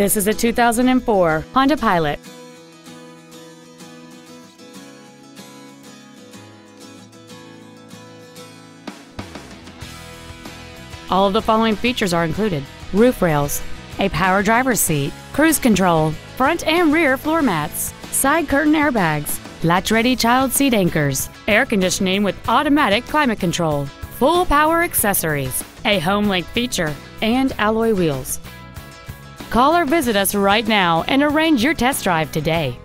This is a 2004 Honda Pilot. All of the following features are included. Roof rails, a power driver's seat, cruise control, front and rear floor mats, side curtain airbags, latch-ready child seat anchors, air conditioning with automatic climate control, full power accessories, a home link feature, and alloy wheels. Call or visit us right now and arrange your test drive today.